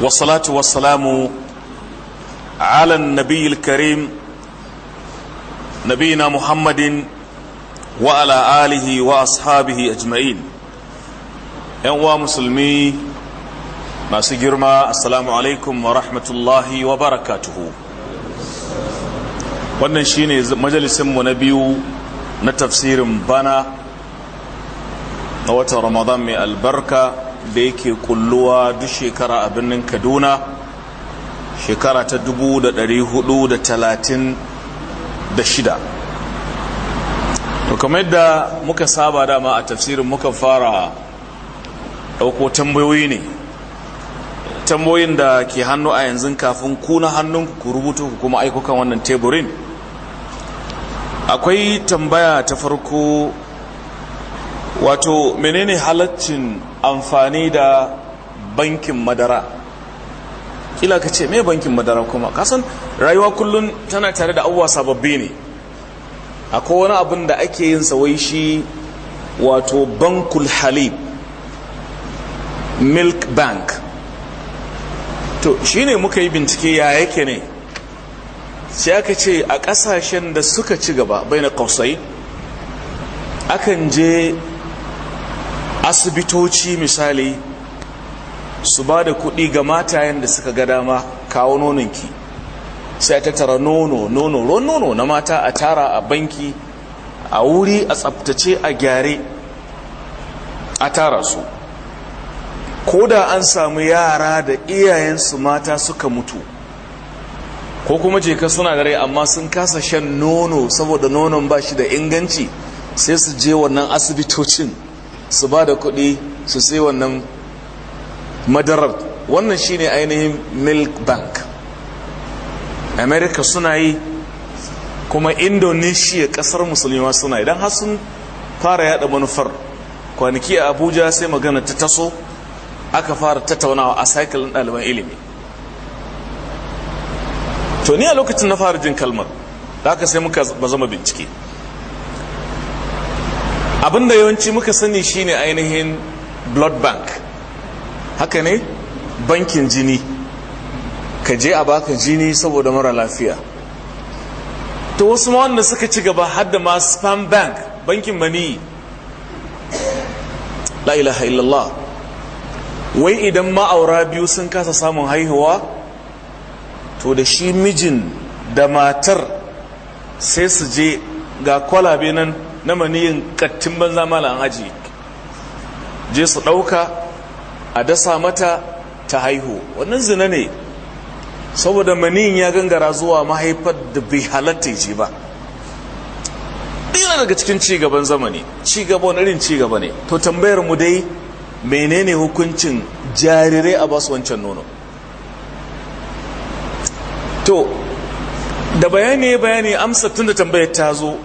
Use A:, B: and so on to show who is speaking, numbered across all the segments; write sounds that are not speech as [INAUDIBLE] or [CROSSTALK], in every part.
A: والصلاة والسلام على النبي الكريم نبينا محمد وعلى آله وأصحابه أجمعين ينوى مسلمي ما سجرما السلام عليكم ورحمة الله وبركاته wannan shine majalisinmu na biyu na tafsirin bana a watan ramadan mai albarka da yake kulluwa duk shekara a birnin kaduna shekara ta dubu hudu 436 to kamar yadda muka saba dama a tafsirin muka fara ɗauko tambayoyi ne tambayoyin da ke hannu a yanzu kafin kuna hannun ku rubutu ku kuma aikukan wannan teburin akwai tambaya ta farko wato menene halaccin amfani da bankin madara kila ka ce me bankin madara kuma kasan rayuwa kullum tana tare da abuwa sababbi ne akwai wani abin da ake yin wai shi wato bankul halib milk bank to shi ne muka yi bincike ya yake ne sai aka ce a kasashen da suka ci gaba bai na kausai akan je asibitoci misali su ba da kuɗi ga matayen da suka ga dama kawo nononki sai ta tara nono nono ruwan nono na mata a tara a banki a wuri a tsabtace a gyare a tara su ko da an samu yara da iyayensu mata suka mutu ko kuma jeka suna da amma sun kasa shan nono saboda nonon ba shi da inganci sai su je wannan asibitocin su ba da kuɗi su sai wannan madarar wannan shine ainihin milk bank america suna yi kuma indonesia kasar musulma suna idan don har sun fara yada manufar kwanaki a abuja sai magana ta taso aka fara tattaunawa a cyclin ɗaliban ilimi to ni a lokacin na fara jin kalmar da aka sai muka ba zama bincike abinda yawanci muka sani shine ainihin blood bank haka ne bankin jini ka je a baka jini saboda mara lafiya ta wasu ma wanda suka ci gaba har ma spam bank bankin mani la ilaha illallah wai idan ma'aura biyu sun kasa samun haihuwa to da shi mijin da matar sai su je ga kwalabe nan na maniyin kattin banza mala an aji je su ɗauka a dasa mata ta haihu wannan zina ne saboda maniyin ya gangara zuwa mahaifar da bai halatta ce ba ɗina daga cikin cigaban zamani cigaban irin cigaba ne to tambayar mu dai menene hukuncin jarirai a basu wancan nono to da bayani bayani amsa tun da tambayar ta zo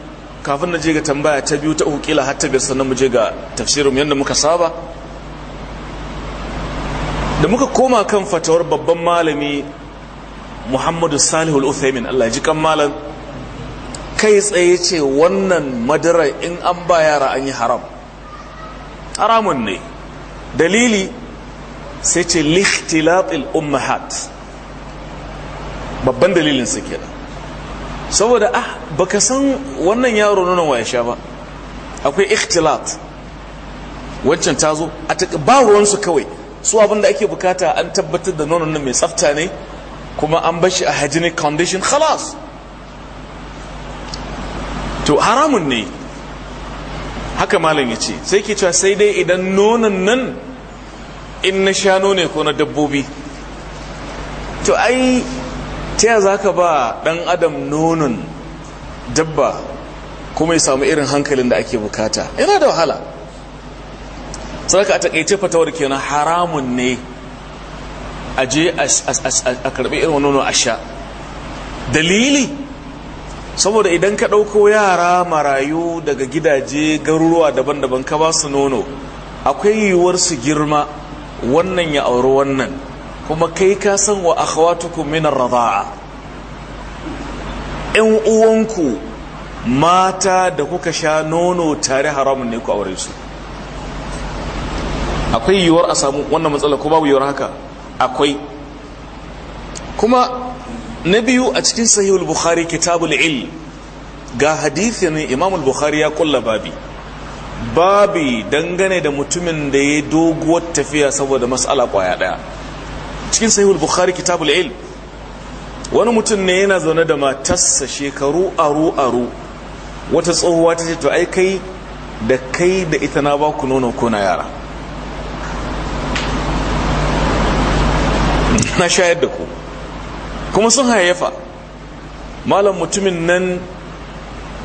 A: kafin na je ga tambaya ta biyu ta uku kila har ta biyar sannan mu je ga tafsirin yadda muka saba da muka koma kan fatawar babban malami muhammadu salihu al'uthaimin allah ji kan malam kai tsaye ce wannan madara in an ba yara an yi haram haramun ne dalili sai ce likhtilatil ummahat babban dalilin su kenan saboda ah baka san wannan yaro nonon wa ya sha ba akwai ikhtilat waccan ta zo a ba ruwansu kawai su abin da ake bukata an tabbatar da nonon mai tsafta ne kuma an bashi a hygienic condition khalas to haramun ne haka malam ya ce sai ke cewa sai dai idan nonon nan in na shano ne ko na dabbobi to ai ta yaya za ba ɗan adam nonon dabba kuma ya samu irin hankalin da ake bukata yana da wahala sadaka a takaice fatawar kenan haramun ne a je a karɓi irin nono a sha dalili saboda idan ka ɗauko yara marayu daga gidaje garuruwa daban-daban ka ba su nono akwai yiwuwar su girma wannan ya auri wannan kuma kai ka san wa akhawatukum min ar-radha'a in uwanku mata da kuka sha nono tare haramun ne ku aure su akwai yiwuwar a samu wannan matsala ko babu yiwuwar haka akwai kuma na biyu a cikin sahihul bukhari kitabul il ga hadithi ne imamul bukhari ya kulla babi babi dangane da mutumin da ya doguwar tafiya saboda mas'ala kwaya daya cikin sahihul bukhari kitabul ilm wani mutum ne yana zaune da matarsa shekaru aru aru wata tsohuwa ta ce to ai kai da kai da ita na ba ku nono na yara [LAUGHS] na shayar da ku kuma sun hayayyafa malam mutumin nan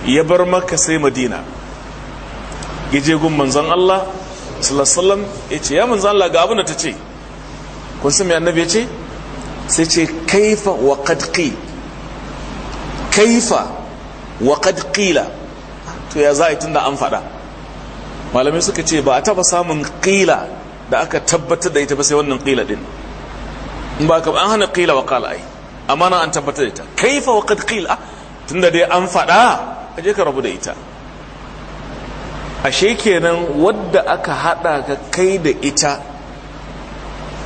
A: ya bar maka sai madina ya je gun manzon Allah sallallahu alaihi wasallam ya ce ya manzon Allah ga abin da ta ce kun san me annabi ya ce sai ce kaifa wa qad qil kaifa wa qad qila to ya za'i tunda an fada malamai suka ce ba a taba samun qila da aka tabbatar da ita ba sai wannan qila din in ba ka an hana qila wa qala ai amma na an tabbatar da ita kaifa wa qad qila ah, tunda dai an fada aje ka rabu da ita ashe kenan wadda aka hada ka kai da ita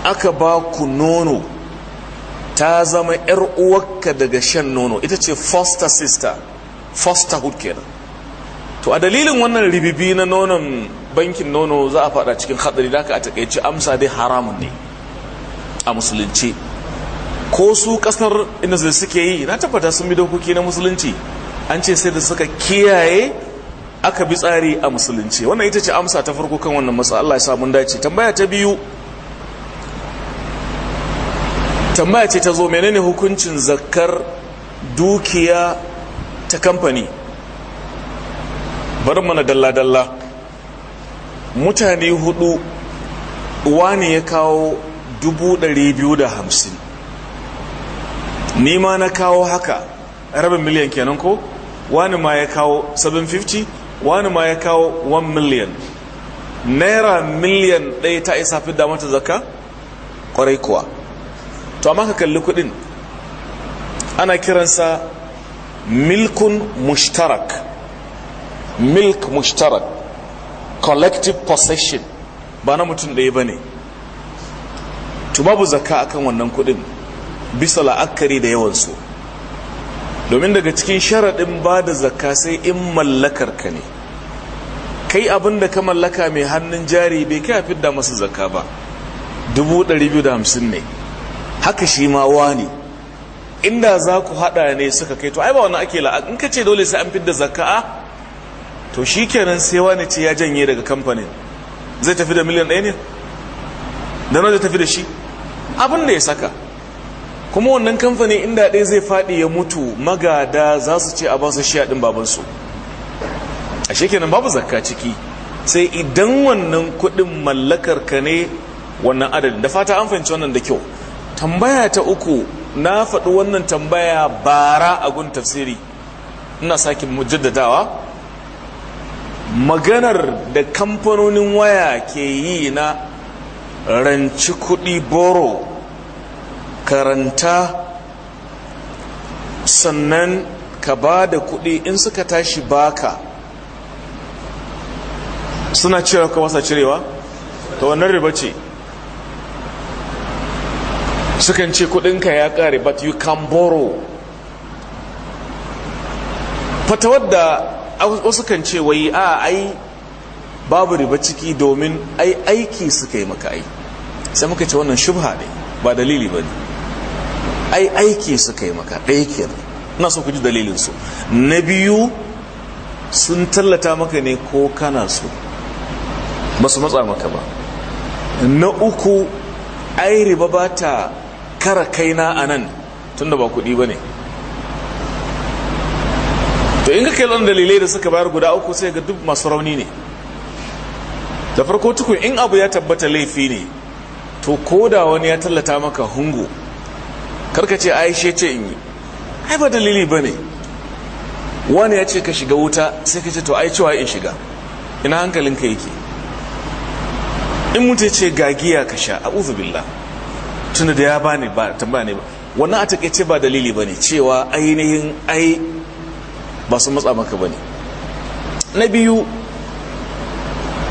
A: aka ba ku nono ta zama yar uwarka daga shan nono ita ce foster sister foster hood kenan to a dalilin wannan ribibi na nonon bankin nono za a fada cikin hadari da aka a takaici amsa dai haramun ne a musulunci ko su kasar inda suke yi na tabbata sun bi dokoki na musulunci an ce sai da suka kiyaye aka bi tsari a musulunci wannan ita ce amsa ta farko kan wannan masu Allah ya mun dace tambaya ta biyu tambaya ce ta zo menene hukuncin zakar dukiya ta kamfani bari mana dalla-dalla mutane hudu wani ya kawo hamsin nima na kawo haka rabin miliyan kenan ko wani ma ya kawo 750 wani ma ya kawo 1 miliyan naira miliyan ɗaya ta isa fi damar ta zaka kwarai kuwa to amma ka kalli kudin ana kiransa milkun mushtarak milk mushtarak collective possession ba na mutum ɗaya ba ne to babu akan wannan kudin bisa la'akari da yawansu domin daga cikin sharaɗin ba da zaka sai in mallakar ka ne kai abin da ka mallaka mai hannun jari bai kai a fidda masu zaka ba 250 ne haka shi ma wani inda za ku hada ne suka kai to ai ba wani ake la in ka ce dole sai an fidda zaka'a to shi kenan sai wani ce ya janye daga kamfanin zai tafi da miliyan ɗaya ne da na zai tafi da shi abin da ya saka kuma wannan kamfanin inda ɗaya zai faɗi ya mutu magada za su ce a ba su shi ɗin babansu a kenan babu zakka ciki sai idan wannan kuɗin mallakar ka ne wannan adadin da fata an fahimci wannan da kyau tambaya ta uku na faɗi wannan tambaya bara a gun tafsiri ina sake mujaddadawa maganar da kamfanonin waya ke yi na ranci kuɗi boro karanta sannan ka ba da kuɗi in suka tashi baka suna cewa ka wasa cirewa ta wannan riba ce sukan ce kudinka ya kare but you can borrow fata da wasu kan ce wai a ai babu riba ciki domin ai aiki suka yi maka ai sai muka ce wannan shubha ne ba dalili ba ne ai aiki suka yi maka ɗaya kenan ina so ku ji dalilinsu na biyu sun tallata maka ne ko kana so ba su matsa maka ba na uku ai riba ba ta kara kaina a nan tunda ba kuɗi bane. ne to in ga kai lon dalilai da suka bayar guda uku sai ga duk masu rauni ne da farko tukun in abu ya tabbata laifi ne to ko da wani ya tallata maka hungu karka ce aishe ce in yi ai ba dalili ba ne wani ya ce ka shiga wuta sai ka ce to ai cewa in shiga ina hankalinka yake in mutu ce gagiya ka sha a uzubillah tunda da ya bani ba tambaya ne ba wannan a takaice ba dalili ne cewa ainihin ai ba su matsa maka ba ne na biyu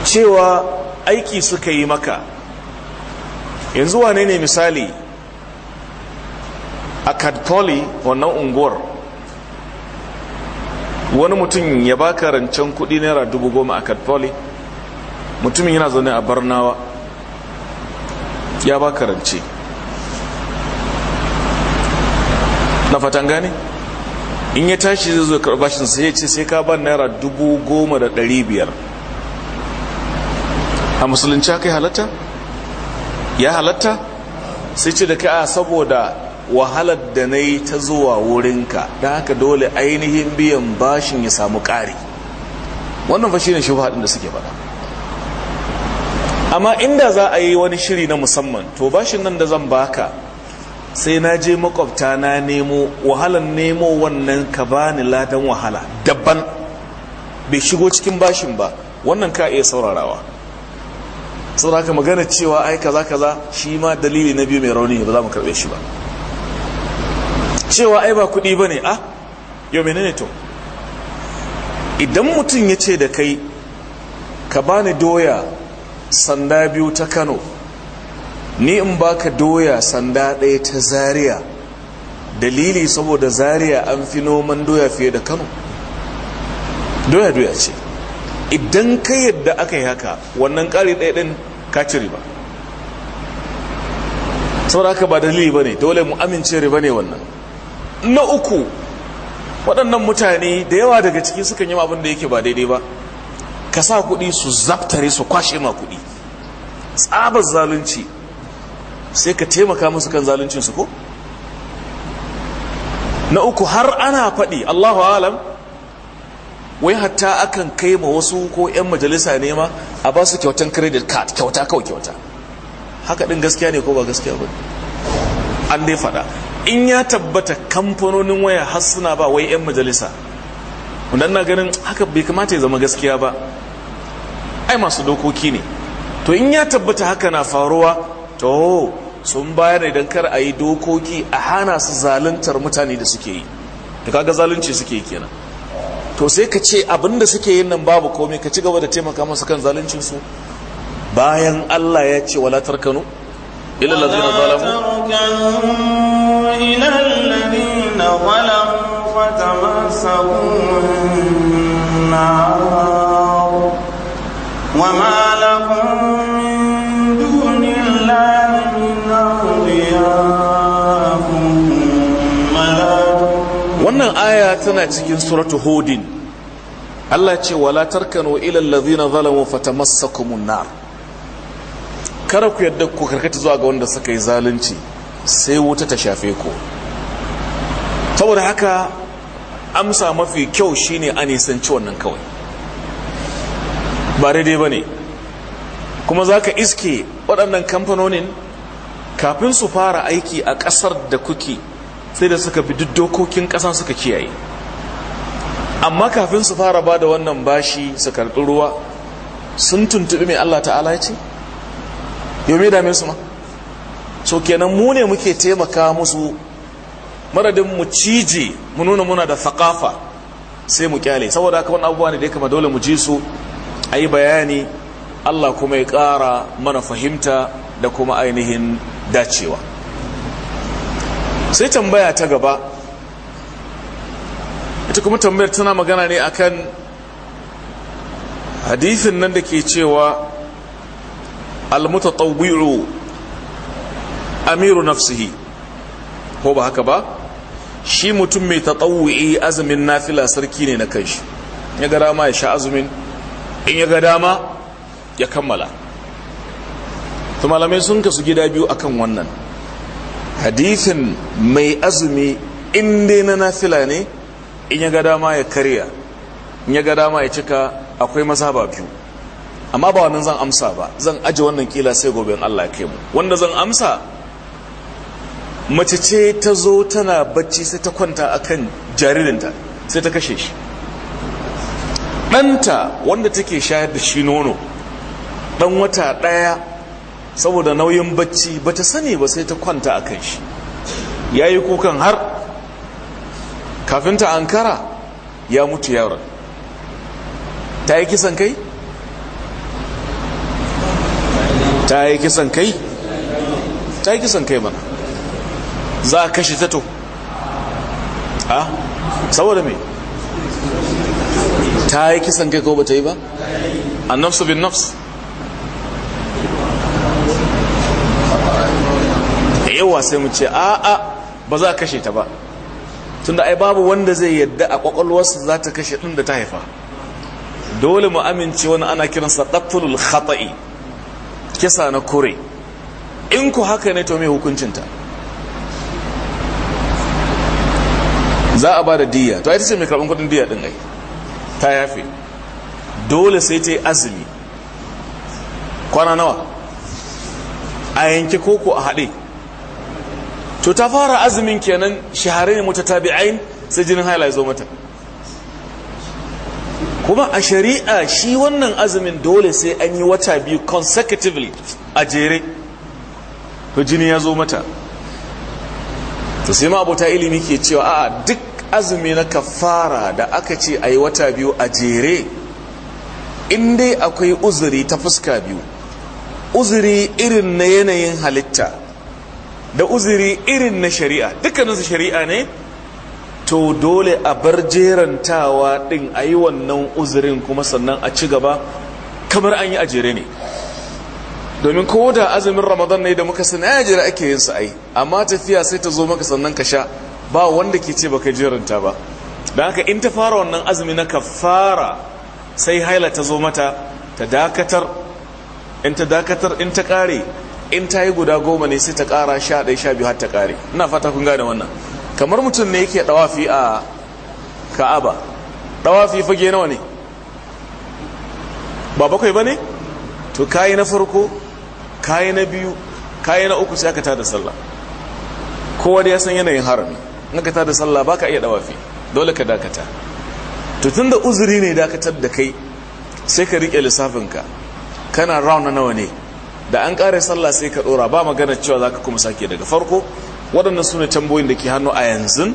A: cewa aiki suka yi maka yanzu wane ne misali a kadpoli wannan unguwar wani mutum ya ba ka rancen kudi naira dubu goma a kadpoli mutumin yana zaune a barnawa ya ba ka rance na fatan gane in ya tashi zai zo karɓa shi sai ya ce sai ka ban naira dubu goma da ɗari biyar a musulunci haka ya halatta ya halatta sai ce da ka a saboda wahalar da na yi ta zuwa wurinka don haka dole ainihin biyan bashin ya samu ƙari wannan fa shi ne shi da suke faɗa amma inda za a yi wani shiri na musamman to bashin nan da zan baka sai na je makwabta na nemo wahalan nemo wannan ka bani ladan wahala daban bai shigo cikin bashin ba wannan ka iya saurarawa sau haka magana cewa ai kaza kaza shi ma dalili na biyu mai rauni ne ba za mu karbe shi ba cewa ai ba kuɗi ba ne a ah, yau menene to idan mutum ya ce da kai ka bani doya sanda biyu ta kano ni in baka doya sanda ɗaya ta Zariya, dalili saboda Zariya an fi noman doya fiye da kano doya doya ce idan ka yadda aka yi haka wannan ƙari ɗaya ɗin ka ci riba saboda haka ba dalili ba ne dole mu amince riba ne wannan na uku waɗannan mutane da yawa daga ciki sukan yi abin da yake ba daidai ba ka sa kuɗi su zaftare su kwashe ma kuɗi tsabar zalunci sai ka taimaka musu kan zaluncinsu ko na uku har ana faɗi allahu alam wai hatta akan kai ma wasu ko 'yan majalisa ne ma a ba su kyautan credit card kyauta kawai kyauta haka ɗin gaskiya ne ko ba gaskiya ba an dai faɗa in ya tabbata kamfanonin waya har suna ba wai 'yan majalisa Wannan na ganin haka bai kamata ya zama gaskiya ba ai masu dokoki ne to in ya tabbata haka na faruwa to sun bayar idan kar a yi dokoki a hana su zaluntar mutane da suke yi da kaga zalunci suke yi kenan to sai ka ce abinda suke yin nan babu komai ka ci gaba da taimaka musu kan zaluncin bayan Allah ya ce wala tarkanu ila allazina zalamu
B: ila allazina zalamu lakum
A: aya tana cikin suratu hudin Allah ce wala tarkanu ila allazina zalamu fatamassakumun nar kar ku yadda ku karkata zuwa ga wanda suka yi zalunci sai wuta ta shafe ku saboda haka amsa mafi kyau shine a nisanci wannan kawai ba daidai ba ne kuma za ka iske waɗannan kamfanonin kafin su fara aiki a ƙasar da kuke sai da suka bi duk dokokin ƙasa suka kiyaye amma kafin su fara ba da wannan bashi su karɓi ruwa sun tuntuɓi mai Allah ta'ala ce yau mai su ma so kenan mu ne muke taimaka musu maradin mu cije mu nuna muna da faƙafa sai mu kyale saboda haka wani abubuwa ne da ya kama dole mu ji su a yi bayani Allah kuma ya ƙara mana fahimta da kuma ainihin dacewa sai tambaya ta gaba ita kuma tambayar tana magana ne akan hadithin nan da ke cewa almutatawwi'u amiru nafsihi ko ba haka ba shi mutum mai tatawwi'i azumin nafila sarki ne na kanshi ya ga dama ya sha azumin in ya ga dama ya kammala tumalamai malamai sun kasu gida biyu akan wannan hadisin mai azumi in dai na nafila ne in ya ga dama ya karya in ya ga dama ya cika akwai maza ba biyu amma ba wannan zan amsa ba zan aji wannan kila sai gobe Allah ya mu wanda zan amsa mace ce ta zo tana bacci sai ta kwanta akan jaririnta sai ta kashe shi ɗanta wanda take shayar da shi nono ɗan wata ɗaya saboda nauyin bacci ba ta sani ba sai ta kwanta a kan shi ya yi kukan har kafin ta ankara ya mutu yaron ta yi kisan kai? ta yi kisan kai? ta yi kisan kai mana za a kashe tato a saboda me ta yi kisan kai ko ba ta yi ba annafsu bin nafsu yawa sai mu ce a'a ba za kashe ta ba tunda ai babu wanda zai yadda a kwakwalwarsa za ta kashe din da ta haifa dole mu amince wani ana kiransa qatlul khata'i kisa na kure in ku haka ne to me ta za a ba da diya to ai ta ce mai karɓar kudin diya ɗin ai ta yafe dole sai ta yi azumi kwana nawa a yanke koko a haɗe to ta fara azumin kenan shahararren ne mutatabi'ain sai jinin haila ya zo mata kuma a shari'a shi wannan azumin dole sai an yi wata biyu consecutively a jere to jini ya zo mata to sai ma abota ilimi ke cewa a duk azumi na kafara da aka ce a yi wata biyu a jere in dai akwai uzuri ta fuska biyu uzuri irin na yanayin halitta da uzuri irin na shari'a dukkaninsu shari'a ne to dole a bar jerantawa din a yi wannan uzurin kuma sannan a ci gaba kamar an yi a jere ne domin ko da azumin ramadan ne da muka sani a jere ake yin su ai amma tafiya sai ta zo maka sannan ka sha ba wanda ke ce baka jeranta ba don haka in ta fara wannan azumi na kafara sai haila ta zo mata ta dakatar in ta dakatar in ta kare in ta yi guda goma ne sai ta kara sha ɗaya sha biyu har ta ƙare ina fata kun gane wannan kamar mutum ne yake ɗawafi a ka'aba ɗawafi fage nawa ne ba bakwai ba ne to kayi na farko kayi na biyu kayi na uku sai aka tada sallah kowa da ya san yanayin harami in ka tada sallah baka iya ɗawafi dole ka dakata to tun da uzuri ne dakatar da kai sai ka riƙe lissafinka kana round nawa ne da an ƙare sallah sai ka ɗora ba magana cewa za ka kuma sake daga farko waɗannan su ne tambayoyin da ke hannu a yanzu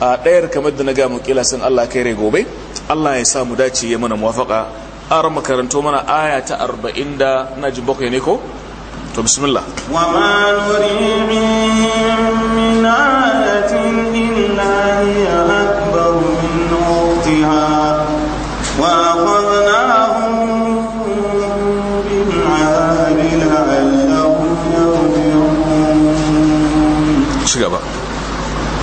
A: a ɗayar kamar da na mu kila sun Allah kai rai gobe Allah ya sa mu dace ya mana muwafaka ran makaranto mana aya ta arba'in da na jin bakwai ne ko to bismillah wa ma nuri min ayatin illa hiya akbar
B: min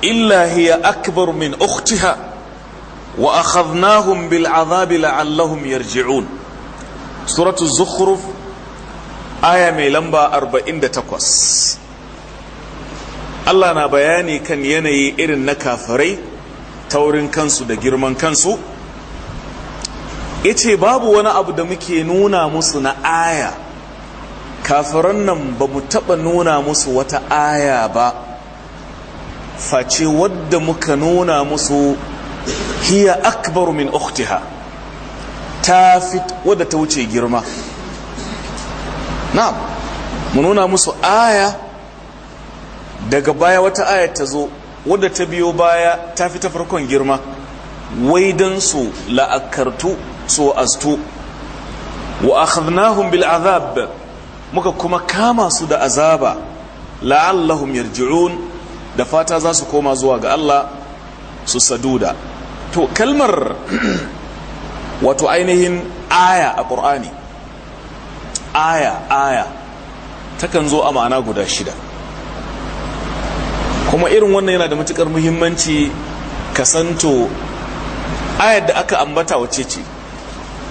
A: Illahi akbar min إلا هي أكبر من أختها وأخذناهم بالعذاب لعلهم zuhruf, aya mai lamba arba'in da takwas. Allah na bayani kan yanayi irin na kafirai taurin kansu da girman kansu yace babu wani abu da muke nuna musu na aya kafiran nan ba mu taɓa nuna musu wata aya ba face wadda muka nuna musu hiya akbaru min uktiha ta fit wadda ta wuce girma na'am mu nuna musu aya daga baya wata aya ta zo wadda ta biyo baya ta fi ta farkon girma wai don su la'akartu su astu wa akhadnahum bil azab muka kuma kama su da azaba la'allahum yarji'un da fata za su koma zuwa ga Allah su saduda to kalmar [CLEARS THROAT] wato ainihin aya a ƙur'ani aya aya takan zo a ma'ana guda shida kuma irin wannan yana da matukar muhimmanci kasanto ayar da aka ambata wace ce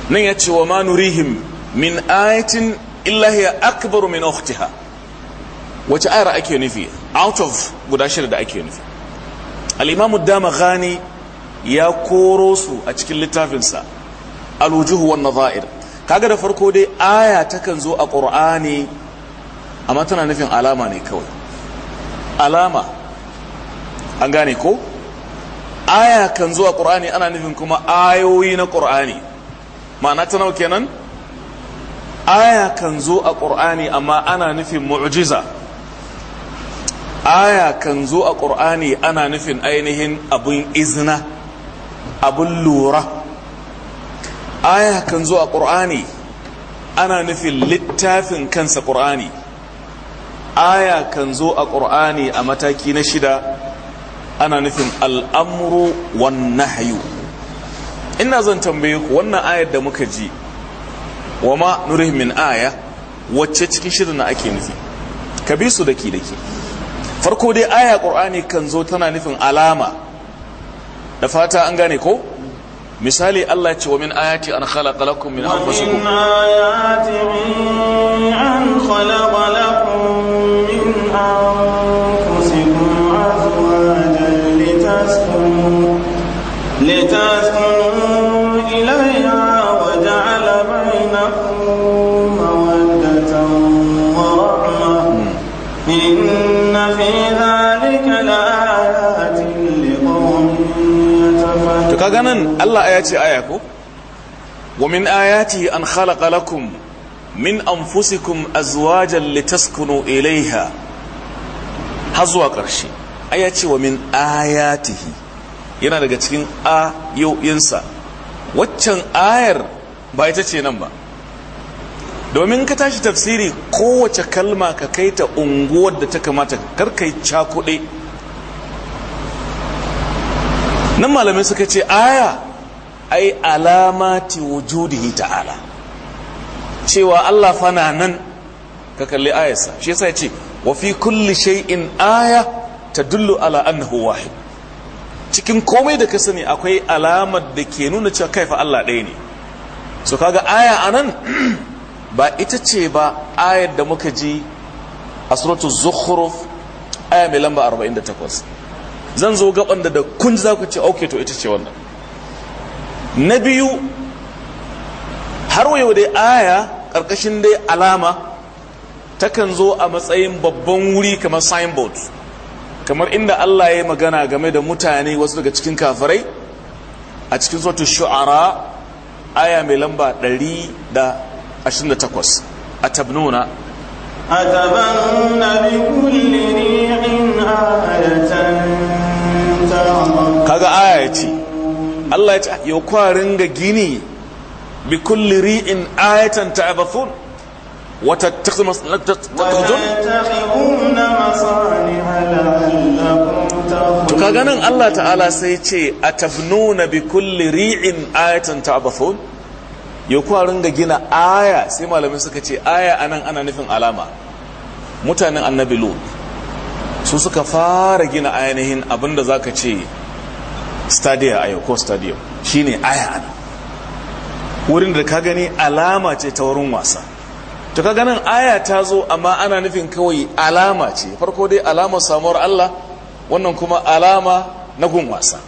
A: nan ya ce wa ma min ayatin illahi hiya akbaru min ukhtiha wace ayar ake nufi out of guda shida da ake nufi al'imamu dama gani ya koro su a cikin littafinsa alwujuhu wannan za'ir kaga da farko dai aya takan zo a ƙor'ani amma tana nufin alama ne kawai alama an gane ko aya kan zo a ƙor'ani ana nufin kuma ayoyi na ƙor'ani ma'ana ta nawa kenan aya kan zo a ƙor'ani amma ana nufin mu'jiza aya kan zo a ƙur'ani ana nufin ainihin abin izina abin lura aya kan zo a ƙur'ani ana nufin littafin kansa ƙur'ani aya kan zo a ƙur'ani a mataki na shida ana nufin al'amuru wannan hayu ina zan tambaye ku wannan ayar da muka ji wa ma min aya wacce cikin shirin na ake nufi ka bi su daki daki farko dai aya ƙur'ani kan zo tana nufin alama da fata an gane ko misali Allah ce wa min ayati an khalaqa lakum min anfusikum min ayati
B: an khalaqa lakum
A: kaga nan Allah ya ce Ayako, wa min ayati an khalaqa lakum min anfusikum azwajan litaskunu ilaiha ha zuwa ƙarshe aya ce wa min ayatihi yana daga cikin ayoyinsa waccan ayar ba ita ce nan ba domin ka tashi tafsiri kowace kalma ka kai ta unguwar da ta kamata karkai cakuɗe nan malamai suka ce aya ai alamati wujudihi ta'ala cewa Allah fana nan ka kalli ayarsa shi yasa ya ce wa fi kulli shay'in aya tadullu ala annahu wahid cikin komai da ka sani akwai alamar da ke nuna cewa kaifa Allah ɗaya ne so kaga aya anan [CLEARS THROAT] ba ita ce ba ayar da muka ji a suratul zukhruf aya mai lamba 48 zan zo gaban da da kun za ku ce ok to ita ce wannan na biyu har wayo dai aya ƙarƙashin dai alama takan zo a matsayin babban wuri kamar signboard kamar inda Allah ya yi magana game da mutane wasu daga cikin kafirai a cikin sautu shu'ara aya mai lamba 128 a tabnuna a tabanna bi kulli
B: ri'in ayatan
A: kaga aya ce Allah ya ce yau kwarin ga gini bi kulli ri'in ayatan ta'abathun wa tattakhidun
B: to kaga nan Allah ta'ala
A: sai ce atafnuna bi kulli ri'in ayatan ta'abathun yau kwarin ga gina aya sai malamai suka ce aya anan ana nufin alama mutanen annabi lut su suka fara gina ainihin abinda zaka ce stadia a yau ko stadium shine aya ana wurin da ka gani alama ce ta wurin wasa to ka ganin aya ta zo amma ana nufin kawai alama ce farko dai alamar samuwar Allah wannan kuma alama na gun wasa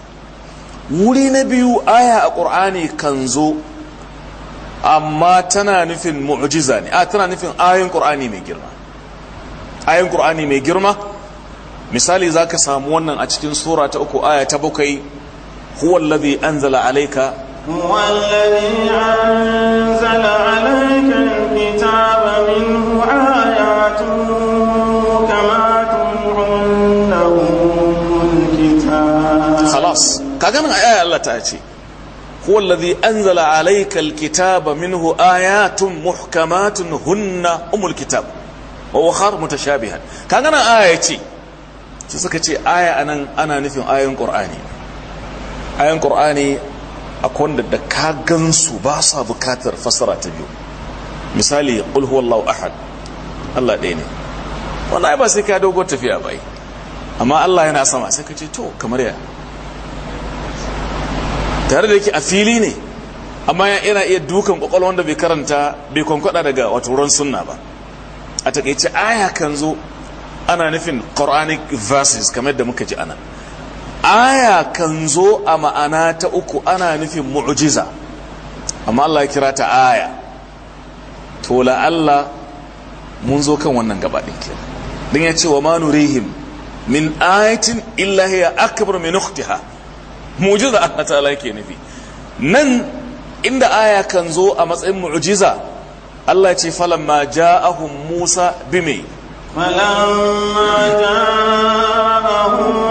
A: wuri na biyu aya a ƙur'ani kan zo amma tana nufin mu'jiza ne a tana nufin ayin ƙur'ani mai girma ayin ƙur'ani mai girma misali za ka samu wannan a cikin sura ta uku aya ta bakwai هو الذي أنزل عليك هو الذي أنزل
B: عليك الكتاب منه آيات محكمات هن أم الكتاب
A: خلاص كأنا آية الله تأتي هو الذي أنزل عليك الكتاب منه آيات محكمات هن أم الكتاب وأخر متشابها كأنا آية تي suka ce aya anan ana nufin ayoyin Qur'ani ayan ƙur'ani akwai wanda da ka gansu ba sa bukatar fasara ta biyu misali qul huwallahu ahad Allah ɗaya ne wannan ai ba sai ka dogo tafiya ba amma Allah yana sama sai ka ce to kamar ya tare da yake a fili ne amma yana iya dukan kwakwalwa wanda bai karanta bai kwankwada daga wato ruwan sunna ba a takaice aya kan zo ana nufin quranic verses kamar da muka ji anan aya kan zo a ma'ana ta uku ana nufin mu'jiza amma Allah ya kira ta aya to la Allah mun zo kan wannan gabaɗin ke don ya ce wa ma nurihim min ayatin illa hiya akbar min ukhtiha mu'jiza Allah ta'ala yake nufi nan inda aya kan zo a matsayin mu'jiza Allah ya ce ma ja'ahum Musa bime ma ja'ahum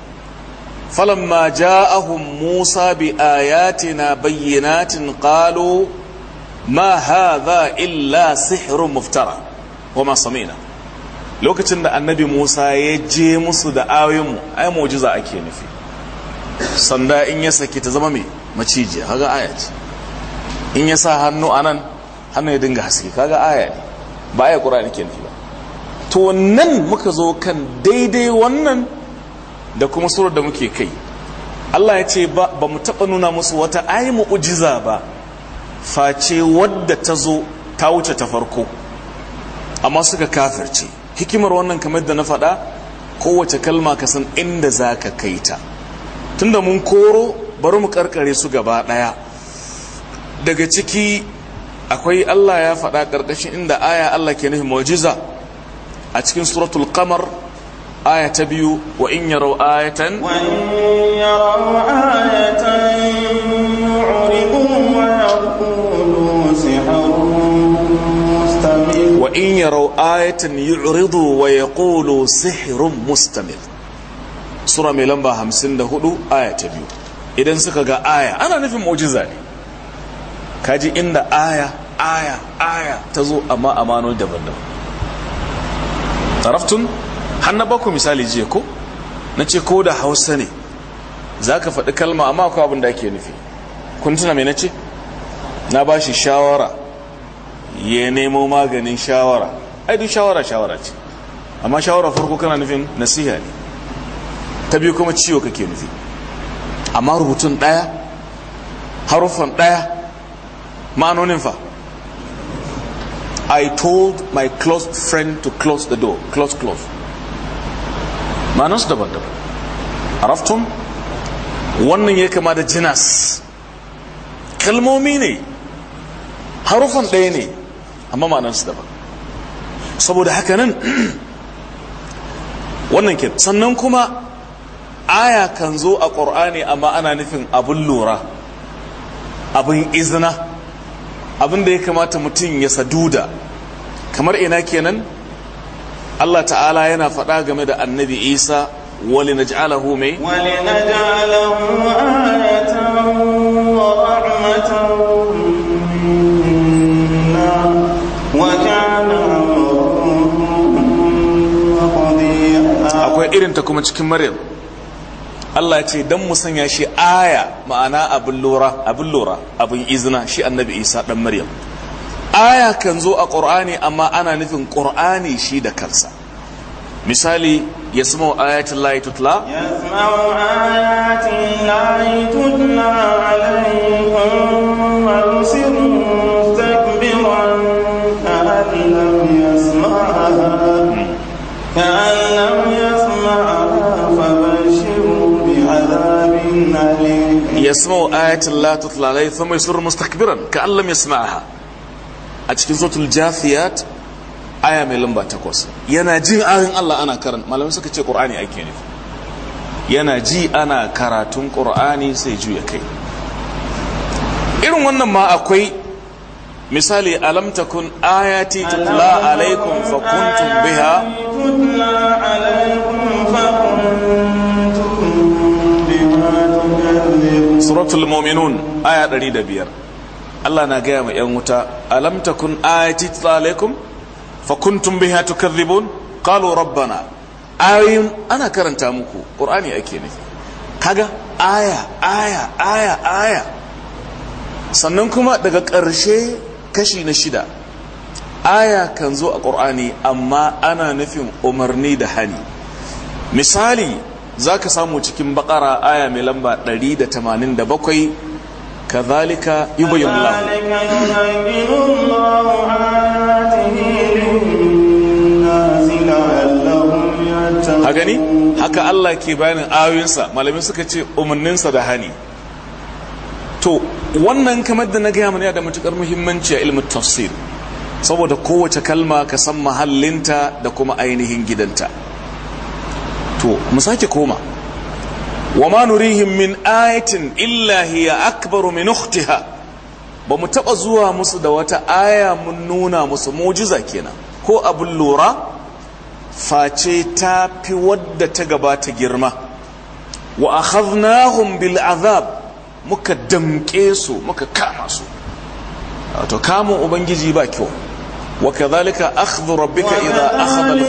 A: فلما جاءهم موسى بآياتنا بينات قالوا ما هذا إلا سحر مفترى وما صمينا lokacin da annabi Musa ya je musu da ayoyinmu ai mu'jiza ake nufi sanda in ya saki ta zama mai maciji kaga aya ce in ya sa hannu anan hannu ya dinga haske kaga aya ne ba aya Qur'ani ke nufi ba to nan muka zo kan daidai wannan da kuma surar da muke kai Allah ya ce ba mu taɓa nuna musu wata ayi mu'ujiza ba face wadda ta zo ta wuce ta farko amma suka kafirce hikimar wannan kamar da na faɗa kowace kalma ka san inda za ka kai ta tunda mun koro bari mu karkare su gaba ɗaya daga ciki akwai Allah ya faɗa ƙarƙashin inda aya Allah ke nufin mu'jiza a cikin suratul qamar aya ta biyu wa in yarau ayatan wa in yarau ayatan yu'ridu wa yaqulu sihrun mustamir wa in yarau ayatan yu'ridu wa sura mai lamba 54 aya ta biyu idan suka ga aya ana nufin mu'jiza ne kaji inda aya aya aya ta zo amma amano daban-daban taraftun har na baku misali jiya ko na ce ko da hausa ne za ka faɗi kalma amma ko abin da ake nufi kun tuna mai na ce na ba shi shawara ya nemo maganin shawara ai duk shawara shawara ce amma shawara farko kana nufin nasiha ne ta biyu kuma ciwo kake nufi amma rubutun ɗaya haruffan ɗaya ma'anonin fa I told my close friend to close the door close close manansu daban-daban raftun wannan ya kama da jinas kalmomi ne harufan ɗaya ne amma manansu daban saboda haka nan [CLEARS THROAT] wannan ke sannan kuma aya kan zo a ƙor'ani amma ana nufin abin lura abin izina abin da ya kamata mutum ya saduda kamar ina kenan Allah ta'ala yana faɗa game da annabi Isa wali na ja'alahu mai?
B: wali na ja'alahu
A: akwai irinta kuma cikin maryam Allah ya ce dan mu sanya shi aya ma'ana abin lura abin lura abin izina shi annabi isa ɗan maryam aya kan zo a ƙur'ani amma ana nufin ƙur'ani shi da kansa misali ya sama ayatun layi tutla ya sama
B: ayatun layi tutla alaikun warusin mustakbiran ka'an lam yasma'aha ka'an lam yasma'aha fabashiru bi azabin alim
A: ya sama mustakbiran ka'an lam yasma'aha a cikin suratul jafiyat aya mai lamba takwas yana ji ayin Allah ana karanta malamai suka ce ƙur'ani ake ne yana ji ana karatun ƙur'ani sai juya kai irin wannan ma akwai misali alam takun ayati tutla alaikum fa kuntum biha suratul mu'minun aya 105 Allah na gaya ma 'yan wuta alamta kun ayati alaikum fa kuntum biha tukadhibun rabbana ayoyin ana karanta muku ƙur'ani ake nufi kaga aya aya aya aya sannan kuma daga ƙarshe kashi na shida aya kan zo a ƙur'ani amma ana nufin umarni da hani misali za ka samu cikin baƙara aya mai lamba 187 كذلك يبين الله hagani haka Allah ke bayanin ayoyinsa malami suka ce umarninsa da hani to wannan kamar da na gaya mana yana da matukar muhimmanci a ilmi tafsir saboda kowace kalma ka san mahallinta da kuma ainihin gidanta to mu sake koma وما نريهم من آية إلا هي أكبر من أختها bamu taɓa zuwa musu da wata aya mun nuna musu mujiza kenan ko abin lura face ta fi wadda ta gabata girma wa akhadnahum bil azab muka damke muka kama su kamun ubangiji ba kyau wa kadhalika akhdhu rabbika idha akhadha al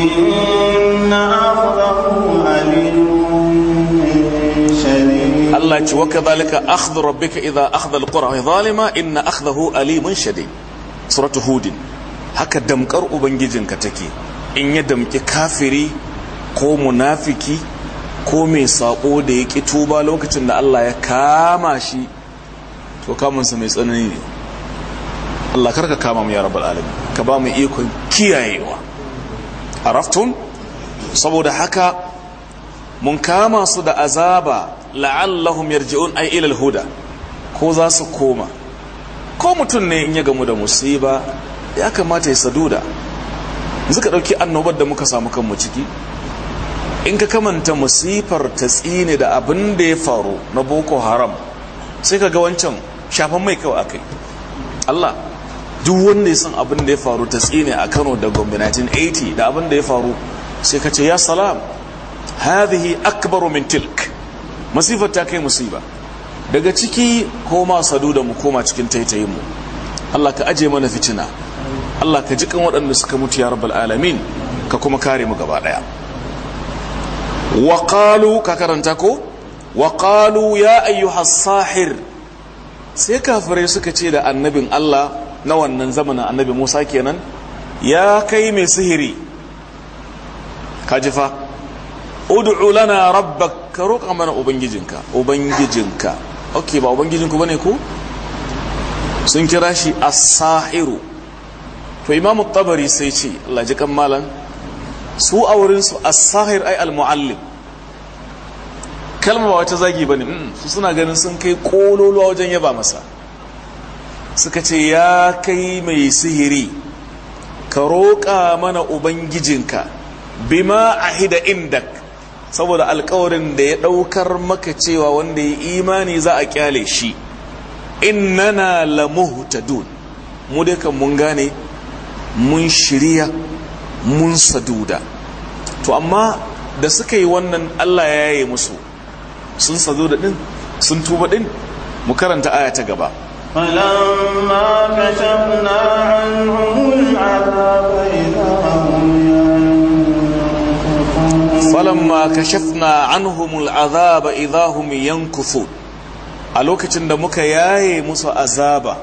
B: Allah
A: ce waka zalika akhdhu rabbika idha akhadha alqura zalima inna akhdahu alimun shadid suratu hud haka damkar ubangijinka take in ya damki kafiri ko munafiki ko mai sako da ya ki tuba lokacin da Allah ya kama shi to sa mai tsanani ne Allah karka kama mu ya rabbal alamin ka ba mu ikon kiyayewa araftum saboda haka mun kama su da azaba la'allahum yarji'un ay ila huda ko za su koma ko mutum ne in ya gamu da musiba ya kamata ya saduda ka dauki annobar da muka samu kanmu ciki in ka kamanta musifar ta tsine da abin da ya faru na boko haram sai ka ga wancan shafan mai kawai akai Allah duk wanda ya san abin da ya faru ta tsine a kano da gombe 1980 da abin da ya faru sai ka ce ya salam hadhihi akbaru min tilk masifar ta kai musiba daga ciki koma sadu da mu koma cikin taitayin mu Allah ka aje mana fitina Allah ka jikan waɗanda suka mutu ya rabbal alamin ka kuma kare mu gaba daya wa qalu ka karanta ko wa qalu ya ayyuhas sahir sai kafirai suka ce da annabin Allah na wannan zamanin annabi musa kenan ya kai mai sihiri kajifa udu'u lana rabbak ka roƙa mana ubangijinka ubangijinka ok ba ubangijinku bane ku sun kira shi a sahiru to imamu tabari sai ce lajikan malan su a wurin su almu'allim sahir al kalma ba wata zagi ne. Hmm, su suna ganin sun kai kololuwa wajen yaba masa suka ce ya kai mai sihiri ka roƙa mana ubangijinka bima hida indak saboda alkawarin da ya ɗaukar maka cewa wanda ya imani za a kyale shi innana la dun mu dai kan mun gane mun shirya mun saduda to amma da suka yi wannan Allah ya yi musu sun saduda din sun tuba din mu karanta aya ta gaba falamma كشفنا anhumul azaba idahum هم ينكفون فلما a lokacin da muka yaye musu azaba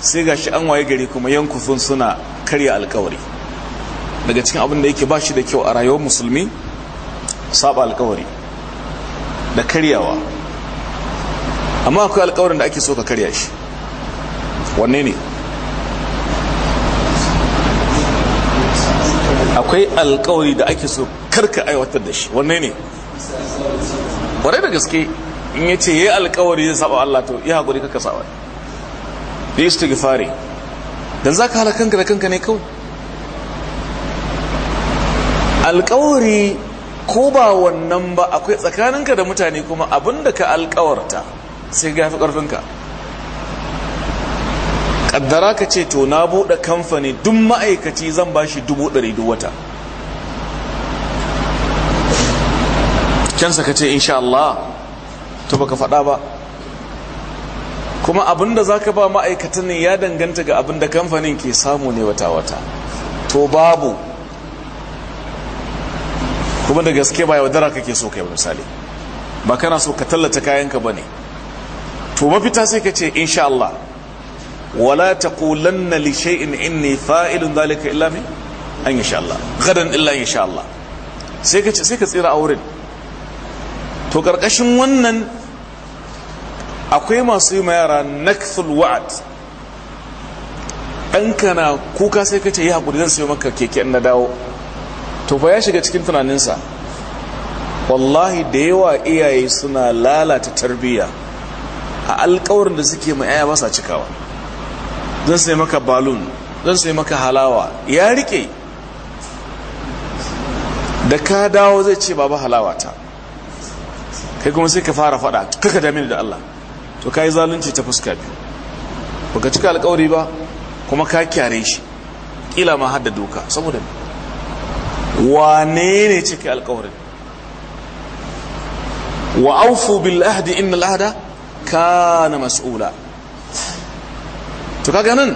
A: sai gashi an waye gari kuma yankufun suna karya alkawari daga cikin abin da yake ba shi da kyau a rayuwar musulmi saba alkawari da karyawa amma akwai alkawarin da ake so ka karya shi wanne ne akwai alkawari da ake so karka aiwatar da shi wanne ne ƙwarai da gaske in ya ce ya yi alkawari zai saba Allah to ya haƙuri kaka saba da yi su tuki fare don za ka halakanka da kanka ne kawai alkawari ko ba wannan ba akwai tsakaninka da mutane kuma abinda ka alkawarta sai ga fi ƙarfinka ƙaddara ka ce to na buɗe kamfani duk ma'aikaci zan ba shi dubu ɗari duk wata kyansa ka ce insha Allah to baka faɗa ba kuma abinda za ka ba ma'aikatan ne ya danganta ga abinda kamfanin ke samu ne wata-wata to babu kuma da gaske ba yaudara kake so kai misali ba kana so ka tallata kayanka ba ne to mafita sai ka ce insha Allah wala taqulanna li shay'in inni fa'ilun dhalika illa min an insha Allah gadan illa insha Allah sai ka ce sai ka tsira a wurin to karkashin wannan akwai masu yi ma yara nakthul wa'd ɗanka na kuka sai ka ce yi haƙuri zan sayo maka keke na dawo to fa ya shiga cikin tunaninsa wallahi da yawa iyaye suna lalata tarbiyya a alkawarin da suke mai yaya basa cikawa zan sai maka balun zan sai maka halawa ya rike da ka dawo zai ce baba halawa ta kai kuma sai ka fara fada kaka damini da Allah to ka yi zalunci ta fuska biyu baka cika alkawari ba kuma ka kyare shi kila ma hada doka saboda wane ne cika alkawarin wa aufu bil ahdi inna al ahda kana mas'ula to kaga nan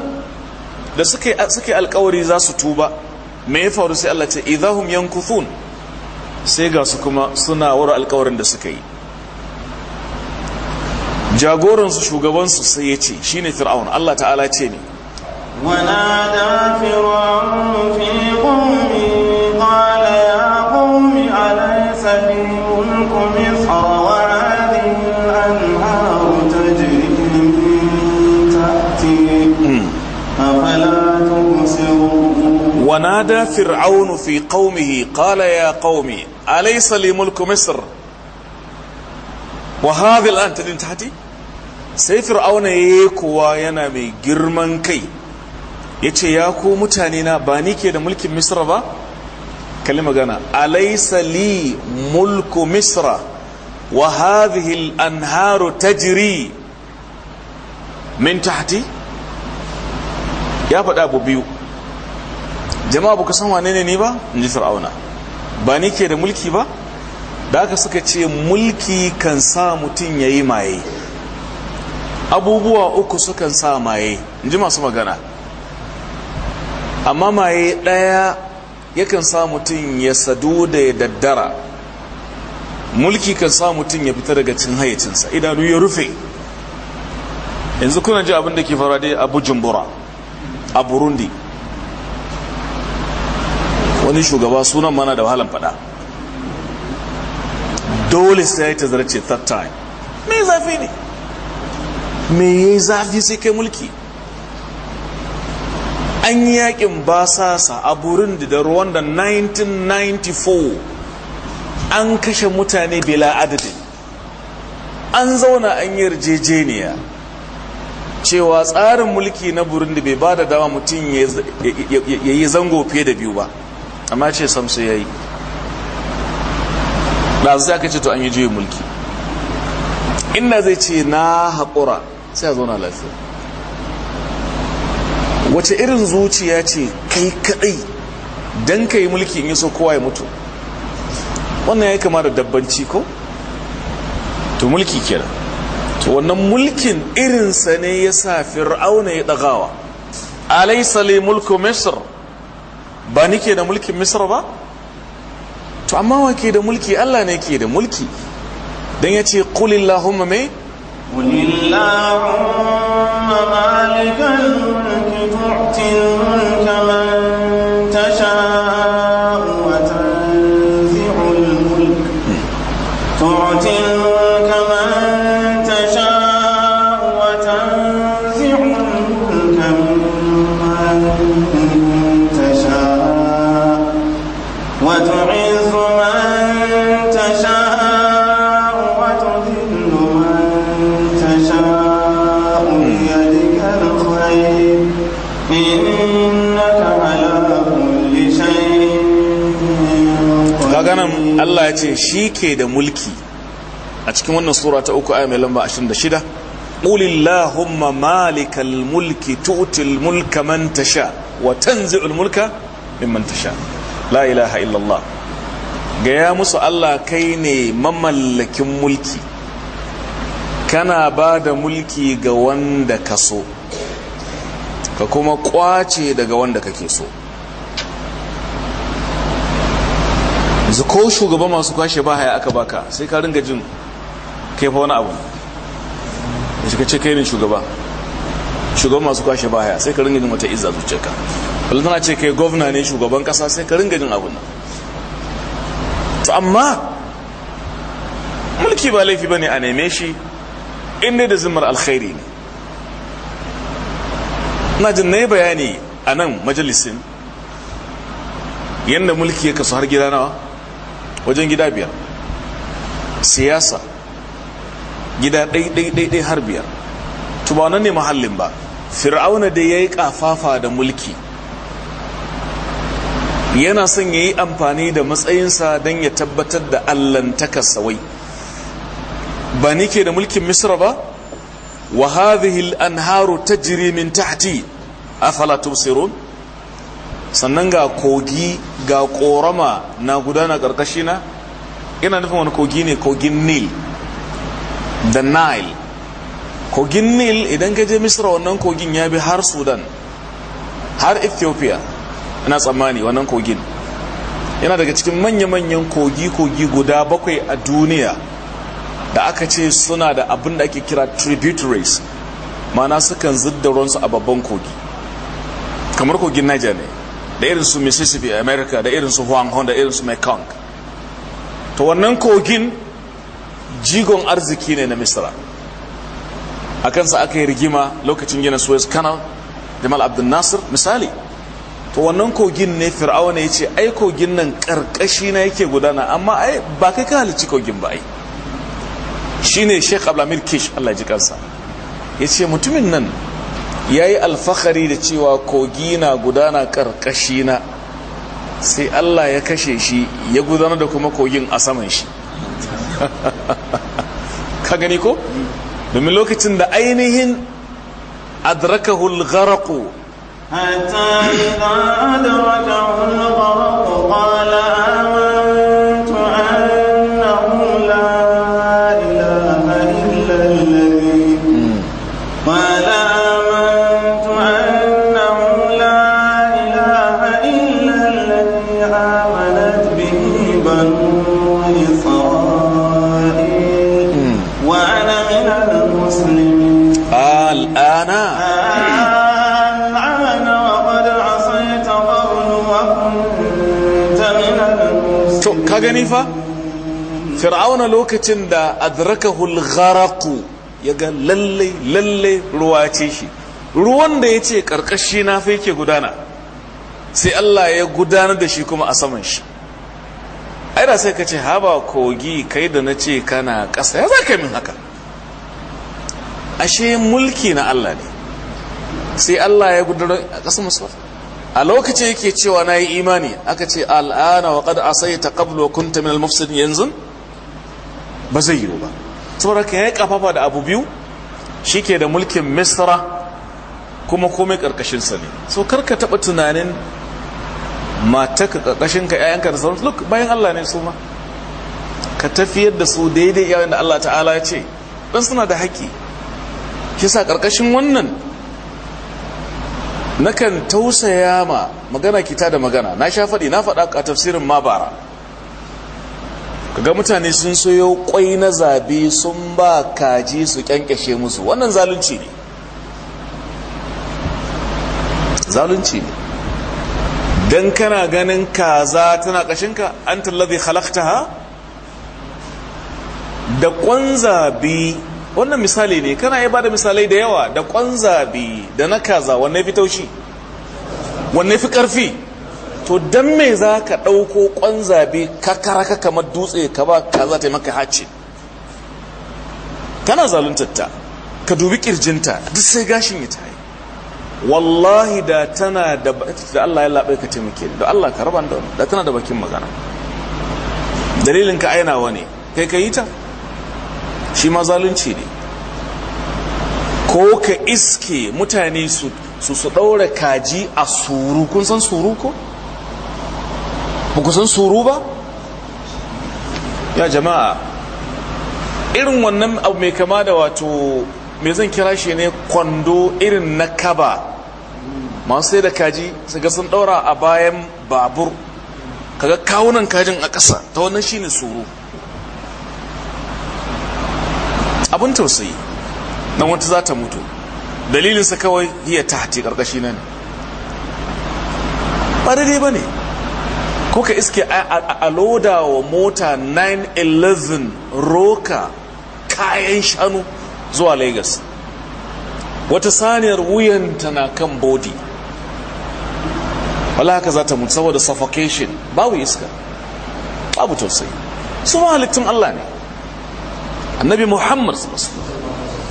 A: da suke suke alkawari za su tuba me ya faru sai Allah ce idahum yankuthun sai ga su kuma suna wara alkawarin da suka yi jagoransu shugabansu sai ya ce shine fir'aun Allah ta'ala ce ne ونادى فرعون في قومه نادى فرعون في قومه قال يا قوم أليس لي ملك مصر وهذه الآن تدين تحتي sai fir'auna ya yi kowa yana mai girman kai yace ya ku mutane na ba ni ke da mulkin misra ba kalli magana alaisa li mulku misra wa hadhihi ya faɗa abu biyu jama'a ba ku san wane ne ni ba in ji fir'auna ba ni ke da mulki ba da aka suka ce mulki kan sa mutum ya yi maye abubuwa uku sukan sa maye in ji masu magana amma maye ɗaya yakan sa mutum ya sadu da ya daddara mulki kan sa mutum ya fita daga cin hayyacinsa idanu ya rufe yanzu kuna ji abin da ke fara dai abu jumbura a burundi wani shugaba sunan mana da wahalan fada dole sai ya tazarce third time me zafi ne me yi zafi sai kai mulki an yi yakin basasa a burundi da rwanda 1994 an kashe mutane bila adadin an zauna an yi yarjejeniya cewa tsarin mulki na burundi bai ba da dama mutum ya yi zango fiye da biyu ba amma ce samsu ya yi ɗazu za ka ce to an yi juyin mulki inda zai ce na haƙura sai a zauna lafiya wace irin zuciya ce kai kaɗai don ka yi mulki in yi so kowa ya mutu wannan ya yi kama da dabbanci ko? to mulki kira to wannan mulkin irinsa ne ya sa fir'auna ya ɗagawa alaisa li misir ba ni ke da mulkin misra ba to amma wa da mulki allah ne ke da mulki don ya ce kulillahumma mai kulillahumma
B: malikan mulki tu'til
A: Allah ya ce shi ke da mulki a cikin wannan sura ta uku aya mai lamba 26 qulillahumma malikal mulki tu'til mulka man wa tanzi'ul mulka mimman tasha la ilaha illallah gaya musu Allah kai ne mamallakin mulki kana ba da mulki ga wanda ka so ka kuma kwace daga wanda kake so yanzu ko shugaba masu kwashe ba haya aka baka sai ka ringa jin kai fa wani abu da shi ka ce kai ne shugaba shugaban masu kwashe ba haya sai ka ringa jin wata izza ka wani na ce kai gwamna ne shugaban kasa sai ka ringa jin abun nan to amma mulki ba laifi bane a neme shi inda da zimmar alkhairi ne na jin na yi bayani a nan majalisin yadda mulki ya kasu har gida nawa wajen gida biyar siyasa gida ɗai har biyar tuba wannan ne mahallin ba fir'auna da ya yi ƙafafa da mulki yana son ya yi amfani da matsayinsa don ya tabbatar da allantakarsa wai ba ni ke da mulkin misra ba wa hadhihi al-anharu tajri min tahti afala tubsirun sannan ga kogi ga korama na gudana karkashina ina nufin wani kogi ne kogin nil da nile kogin nil idan ka je misra wannan kogin ya bi har sudan har ethiopia ina tsammani wannan kogin yana daga cikin manya-manyan kogi-kogi guda bakwai a duniya da aka ce suna da abin da ake kira tributaries mana sukan zidda ruwansu a babban kogi kamar kogin naija ne da irin su mississippi a america da irin su hong da irin su mekong Ta wannan kogin jigon arziki ne na misra a kansa aka yi rigima lokacin gina suez canal jamal abdul nasir misali Ta wannan kogin ne fir'auna ya ce ai kogin nan karkashi na yake gudana amma ai ba kai ka halici kogin ba ai ne sheikh abdulhamid kish allah ji kansa ya ce mutumin nan ya yi alfahari da cewa kogi na gudana na sai allah ya kashe shi ya gudanar da kuma kogin a saman shi [LAUGHS] ka gani ko domin lokacin da ainihin adrakahul gharaqu hatta idan adrakahul ka gani fa fir'auna lokacin da adrakahu al ya yaga lalle lalle ruwa ce shi ruwan da yace karkashi na fa yake gudana sai Allah ya gudanar da shi kuma a saman shi ai da sai ka ce haba kogi kai da nace kana kasa ya zaka min haka ashe mulki na Allah ne sai Allah ya gudanar a kasa musulmi a lokaci yake cewa na yi imani aka ce al'ana wa kada asai ta kablo kunta minal almufsid yanzu ba zai yi ba saboda ka yi kafafa da abu biyu shi ke da mulkin mistara kuma komai sa ne so karka taba tunanin mata ka yayan yayanka da sauransu look bayan allah ne su ma ka tafiyar da su daidai yayin da allah ta'ala ya ce dan suna da haƙƙi kisa karkashin wannan nakan tausaya ma magana kita da magana na sha faɗi na faɗa a tafsirin ma bara kaga mutane sun soyo kwai na zabe sun ba kaji su kyankyashe musu wannan zalunci ne zalunci ne don kana ganin kaza tana ka an tallabi halakta ha da kwan zabe wannan misali ne kana iya bada misalai da yawa da kwanzabi da na kaza wanne fi taushi wanne fi karfi to don mai za ka ɗauko kwanzabi ka kamar dutse ka ba kaza ta maka hace kana zaluntatta ka dubi kirjinta duk sai gashin ya tayi wallahi da tana da da Allah ya labe ka taimake da Allah ka raba da tana da bakin magana dalilin ka aina wani kai ka yi ta shi ma zalunci ne ko ka iske mutane su su su ɗaura kaji a suru kun san suru ko? ba ku san suru ba? ya jama'a irin wannan abu mai kama da wato mai zan kira shi ne kwando irin na kaba masu sai da kaji su ga sun ɗaura a bayan babur kaga kawunan kajin a ƙasa ta wannan shi ne suru abin tausayi nan wata za ta mutu dalilinsa kawai iya ta hati ƙarƙashi na ne ba daidai ba ne ko ka iske a loda wa mota 911 roka kayan shanu zuwa lagos wata saniyar wuyanta na kan bodi wala haka za ta mutu saboda suffocation babu iska babu tausayi su ma halittun allah ne annabi muhammad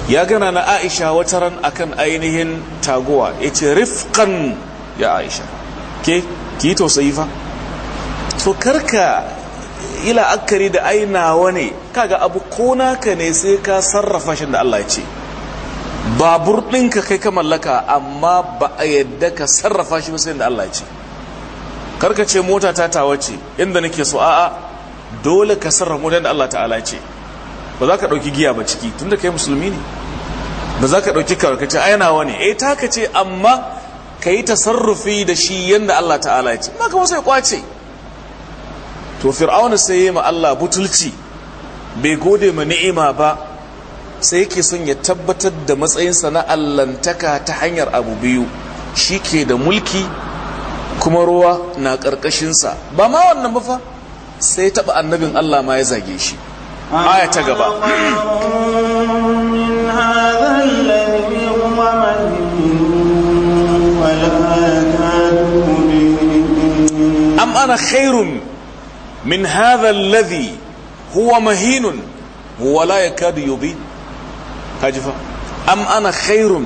A: ya gana na aisha wata ran akan ainihin taguwa ya ce rifkan ya aisha ke ki yi tausayi fa so karka ila akari da ainawa ne kaga abu ko ka ne sai ka sarrafa shi da allah ya ce babur ɗinka kai ka mallaka amma ba a yadda ka sarrafa shi sai da allah ya ce karka ce mota ta tawace inda nake so a'a dole ka sarrafa mota da allah ta'ala ce ba za ka ɗauki giya ba ciki tun da kai musulmi ne ba za ka ɗauki ka ce yana wani e eh, ta ka ce amma ka yi tasarrufi da shi yadda Allah ta'ala ya ce ma kama sai kwace to fir'auna sai ya ma Allah butulci bai gode ma ni'ima ba sai yake son ya tabbatar da matsayinsa na allantaka ta hanyar abu biyu shi ke da mulki kuma ruwa na ƙarƙashinsa ba ma wannan ba fa sai taɓa annabin Allah ma ya zage shi aya ta gaba am ana khairun min hadha alladhi huwa mahinun wala yakadu yudhi kajifa am ana khairun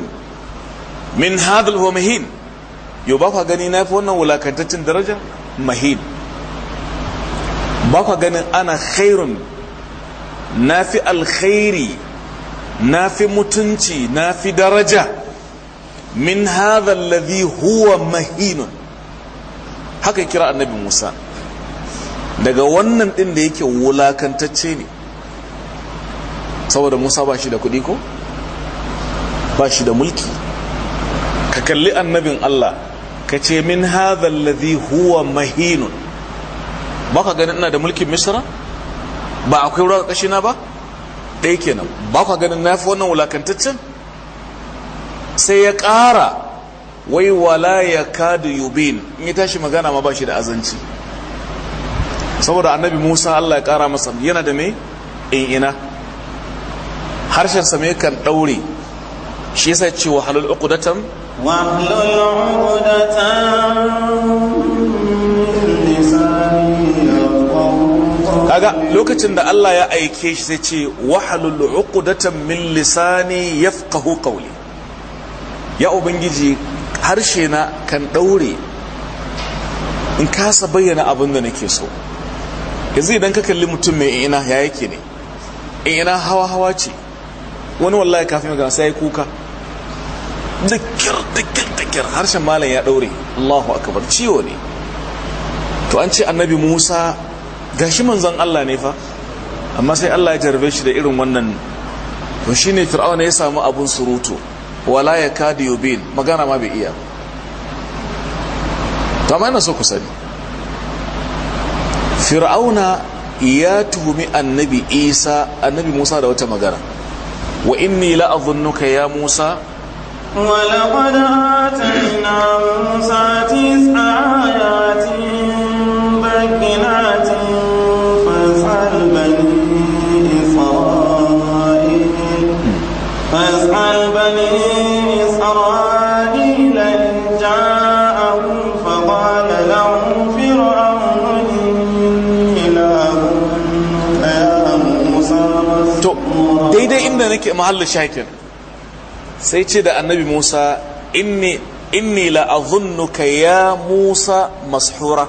A: min hadha huwa mahin yo ba kwa gani na fi wannan wulakantaccen daraja mahin ba kwa ganin ana khairun na fi alkhairi na fi mutunci na fi daraja min hadha huwa mahinun haka kira annabi Musa daga wannan din da yake wulakantacce ne saboda Musa ba shi da kuɗi ko ba shi da mulki ka kalli annabin Allah ka ce min hadha huwa mahinun baka ganin ina da mulkin Misra ba akwai ruwa kashi na ba ɗaya kenan ba kwa ganin na fi wannan wulakantaccen sai ya ƙara wai wala ya kadu yubin in ya tashi magana ma ba shi da azanci saboda annabi musa allah ya ƙara masa yana da mai in ina harshen mai kan ɗaure shi yasa ce wa uqdatan uku
B: datan
A: ga lokacin da Allah ya aike shi sai ce wahalul uqdatan min lisani yafqahu qawli ya ubangiji harshe na kan daure in kasa bayyana abin da nake so yanzu idan ka kalli mutum mai ina ya yake ne ina hawa hawa ce wani wallahi kafin magana sai kuka dikir da dikir harshen malam ya daure Allahu akbar ciwo ne to an ce annabi Musa gashi manzon Allah ne fa amma sai Allah ya jarbe shi da irin wannan to shine fir'auna ya samu abun surutu wala ya kadi yubin magana ma bai iya to amma ina so ku sani fir'auna ya tuhumi annabi Isa annabi Musa da wata magana wa inni la adhunnuka ya Musa yake mahallin shahikin sai ce da annabi musa inni a la azunnuka ya musa mashura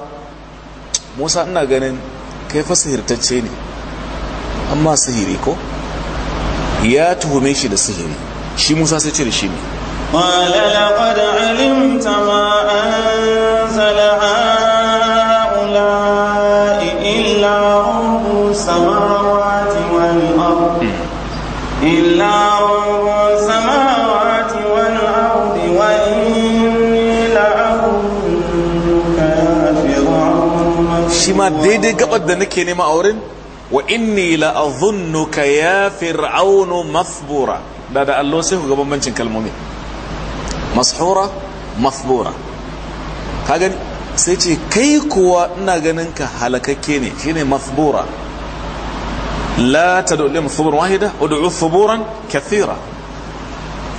A: musa ina ganin kai fa sihirtacce ne amma sihiri ko ya tuhume shi da sihiri shi musa sai ce da shi ne قال ma daidai gabar da nake nema a wurin wa inni la azunnuka ya fir'aunu masbura da da allo sai ku ga bambancin kalmomi mashura masbura ka sai ce kai kuwa ina ganin ka halakakke ne shine masbura la tad'u lim thubur wahida ud'u thuburan kathira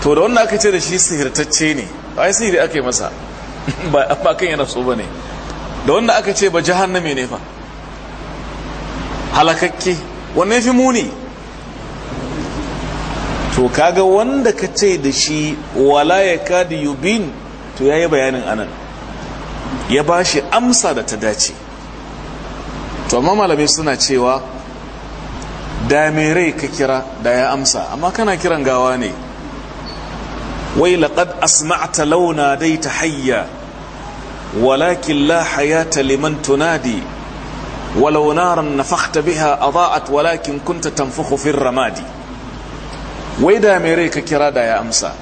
A: to da wannan aka ce da shi sihirtacce ne ai sihiri ake masa [LAUGHS] ba kan yana so bane da wanda aka ce ba jahanname ne fa halakakke wanne fi muni to kaga wanda ka ce da shi wala ya kadi yubin to yayi bayanin anan ya ba shi amsa da ta dace to amma malamai suna cewa da mai rai ka kira da ya amsa amma kana kiran gawa ne wai laqad asma'ta launa dai ta hayya walakin la hayata liman tunadi walau naran nafakhta biha adaat walakin kunta tanfukhu fi ramadi wai da me rai kira da ya amsa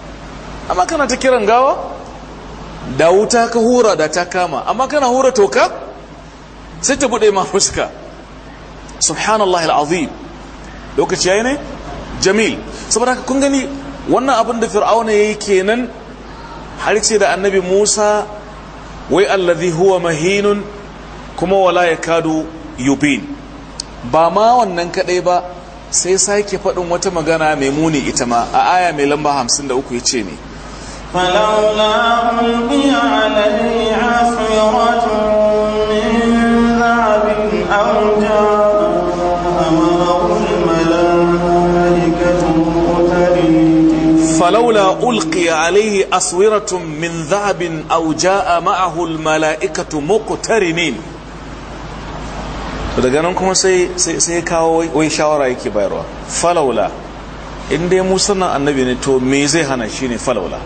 A: amma kana ta kiran gawa da wuta ka hura da ta kama amma kana hura toka sai ta buɗe ma fuska subhanallahi alazim lokaci yayi ne jamil wannan abin da fir'auna yayi kenan har da annabi Musa wai allazi huwa mahinun kuma wala ya kadu yubin ba ma wannan kadai ba sai sake faɗin wata magana mai muni ita ma a aya mai lamba 53 ya ce ne فلولا ألقي عليه حفرة فلولا ألقي عليه أسورة من ذهب أو جاء معه الملائكة مقترنين daga nan kuma sai sai kawo wai shawara yake bayarwa Falawla. in dai musa nan annabi ne to me zai hana shi ne falawla?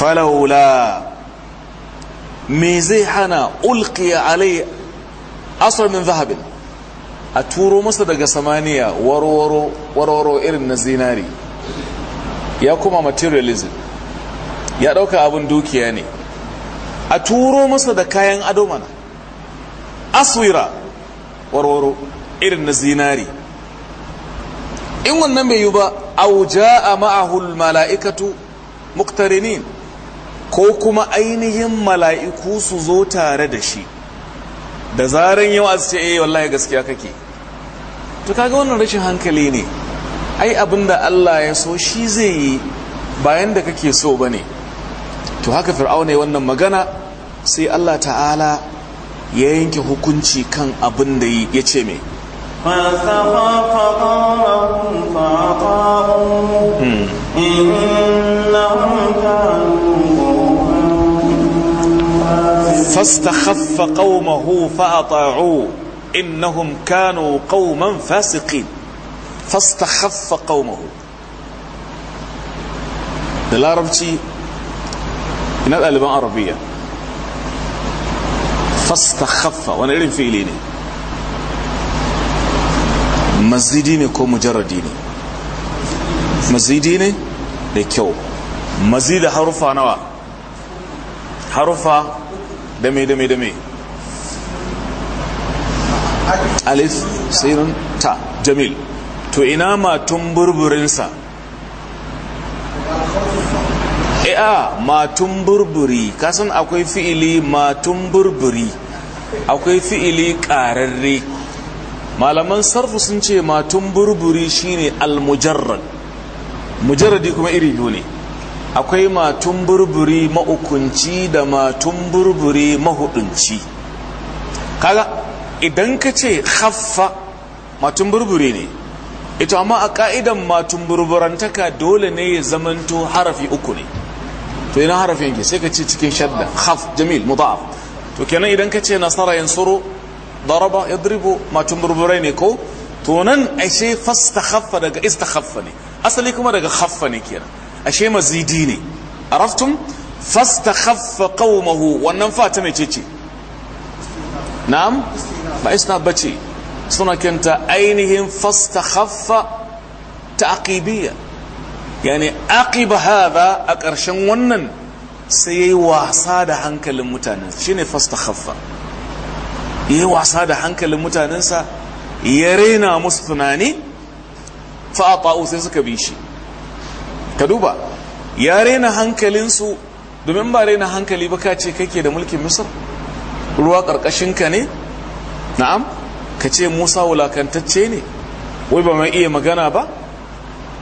A: Falawla. me zai hana ulqiya alai asr min zahabin a turo masa daga samaniya warwaro warwaro irin na zinari ya kuma materialism ya ɗauka abin dukiya ne a turo masa da kayan ado mana aswira warwaro irin na zinari in wannan bai yi ba auja a ma'ahul mala'ikatu muktarinin ko kuma ainihin mala'iku su zo tare da shi da zaren yau a ce eh wallahi gaskiya kake to kaga wannan rashin hankali ne ai abinda Allah ya so shi zai yi bayan da kake so bane to haka fir'au ne wannan magana sai Allah ta'ala ya yanke hukunci kan abin da ya ce mai
B: فَسَقَى فَقَامَهُمْ فَعَقَاهُمْ
A: فاستخف قومه فأطاعوه إنهم كانوا قوما فاسقين fastakhaffa qaumahu da larabci ina ɗaliban arabiya fastakhaffa wani irin fili ne mazidi ne ko mujarradi ne mazidi ne da kyau mazidi harufa nawa harufa dame dame dame ta jamil to ina matun burburinsa eh, a matun burburi kasan akwai fi'ili matun burburi akwai fi'ili ƙararre malaman sarfu sun ce matun burburi shine almujarrad mujarradi kuma iri biyu ne akwai matun burburi maukunci da matun burburi mahudunci kaga idan ka ce haffa matun burburi ne ita amma a ka'idan ma dole ne ya zamanto harafi uku ne to ina harafin ke, sai ka ce cikin shadda khaf jamil mudaf to kenan idan ka ce nasara yansuru daraba yadribu ma tumburburai ne ko to nan ashe fastakhaffa daga istakhaffa ne asali kuma daga khaffa ne kenan ashe mazidi ne araftum fastakhaffa qaumahu wannan fata mece ce na'am ba isna bace suna kenta ainihin ta aqibiyya yani aqiba a ƙarshen wannan sai yayi wasa da hankalin mutanen shine fastakhaffa yayi wasa da hankalin mutanensa ya rena musu tunani fa sai suka bi shi ka duba ya rena hankalinsu domin ba raina hankali ba ka ce kake da mulkin misir ruwa ƙarƙashinka ne na'am ka ce musa wulakantacce ne wai ba mai iya magana ba